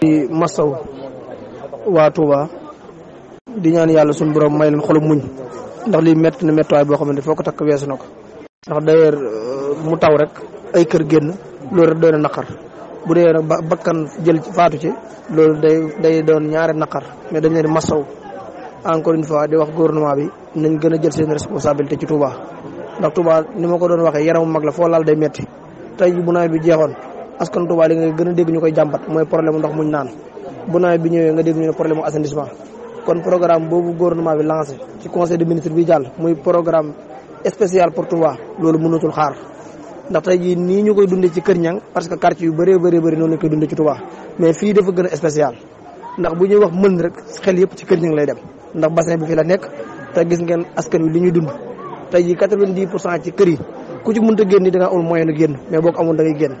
di masaw waa Touba di ñaan yàlla suñu borom may leen xolum muñ ndax lii métti na waay boo xamante foo ko takk weesu ko ndax d'ailleurs euh, mu taw rek ay kër génn loolu rek doy na naqar bu dee nag ci loolu day day doon ñaari naqar mais dañ leen di masaw encore di wax gouvernement bi nañ gën a jël seen responsabilité ci Touba ndax Touba ni ma ko doon waxee yaramu mag la foo laal day métti tey bu nawet bi jeexoon askan Touba li nga gën a dégg ñu koy jàmbat mooy problème ndox muñ naan bu nawet bi ñëwee nga dégg ñu ne problème assainissement kon programme boobu gouvernement bi lancé ci conseil des ministres jàll muy programme spécial pour loolu mënatul xaar ndax tey nii ñu koy dundee ci Kër Ñang parce que quartier yu bëree bëree bëri noonu lañ koy dundee ci Touba mais wax rek xel yëpp ci Kër Ñang lay dem ndax bassin bi fi nekk te gis ngeen askan wi li ñuy dund tey jii quatre-vingt-dix ci kër yi ku ci mënta génn di da nga amul moyen génn mais boo ko amul da génn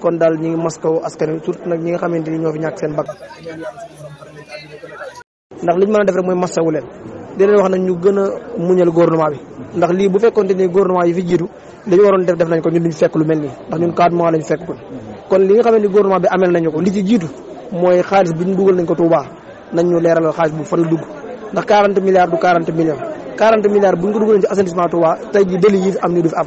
kon daal ñu ngi maskawu askan wi surtout nag ñi nga xamante ni ñoo fi ñàkk seen bakkan ndax li ma mën a def rek mooy masawu leen wax nag ñu gën a muñal gouvernement bi ndax lii bu fekkoonte ni gouvernement yi fi jiitu li ñu waroon def def nañ ko ñun duñ fekk lu mel nii ndax ñun quatre mois lañ fekk ko kon li nga xamante ni gouvernement bi amel nañu ko li ci jiitu mooy xaalis bi ñu dugal nañ ko Touba nañ ñu leeralal xaalis bu fan la dugg ndax 40 milliards du milliards bu ñu ko dugalee ci assainissement Touba tey ji deli yi fi am ñu du fi am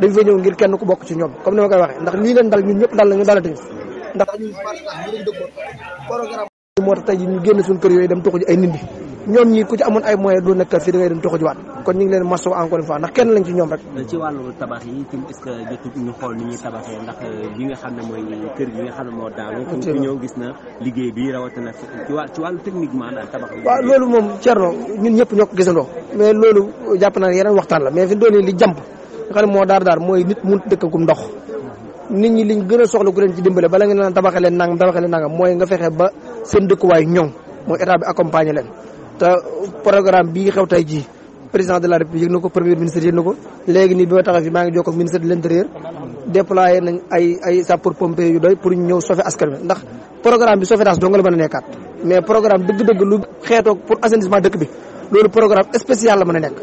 dañ fa ñëw ngir kenn ku bokk ci ñoom comme ni ma koy waxee ndax lii leen dal ñun ñëpp dal nañu dalatañu ndax moo tax tey ji génn suñu kër yooyu dem tuxu ay nindi ñoom ñi ku ci amoon ay moyens doo nekk fii da ngay dem tuxu ji waat kon ñu ngi leen masso encore une fois ndax kenn lañ euh, nga xam ne mooy kër gi nga xam ne na liggéey bi rawatina ci wàllu techniquement daal tabax waaw loolu moom Thierno ñun ñëpp ñoo ko gisandoo mais loolu jàpp naa yeneen waxtaan la mais fi doon li jàmp nga xam ne moo daar daar mooy nit mun dëkkakum ndox nit ñi liñ gën a soxla ku leen ci dimbale bala nga naan tabaxee leen nangam tabaxee leen nangam mooy nga fexe ba seen dëkkuwaay ñoŋ mooy état bi accompagner leen te programme bii xew tey jii président de la république yëg ko premier ministre yëg na ko léegi nii bi ma taxaw fi maa ngi jokkoo ak ministre de l' intérieur déployé nañ ay ay sapeur yu doy pour ñu ñëw sauver askan wi ndax programme bi sauvetage dong la mën a loolu programme spécial la mën a nekk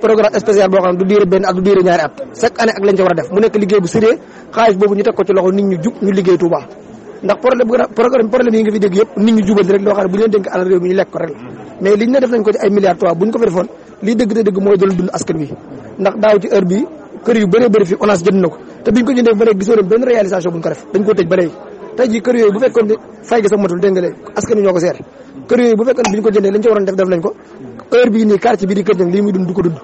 programme spécial boo xam ne du diire benn at du diire ñaari at chaque année ak lañ ca war a def mu nekk liggéey bu sérieux xaalis boobu ñu teg ko ci loxo nit ñu jub ñu liggéey Touba ndax problème problème yi nga fi dégg yëpp nit ñu jubal rek loo xam ne bu ñu ko rek defoon lii dëgg te dëgg mooy dund askan wi ndax daaw ci heure bi kër yu bëree bëri fi ONAS jënd na ko te biñ ko jëndee ba léegi gisoo benn réalisation buñ ko kër yooyu bu fekkoon bi ko jëndee lañ ci waroon def def nañ ko heure bii nii quartier bi di kër nag lii muy dund du ko dund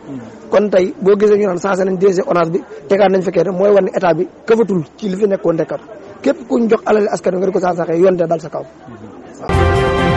kon tey boo gisee ñu naan sensé nañ DG ONAS bi tegaat nañ fekkee mooy wane état bi këfatul ci li fi nekkoon dekkat képp kuñ jox alal askan wi nga di ko sansaxee yoon sa kaw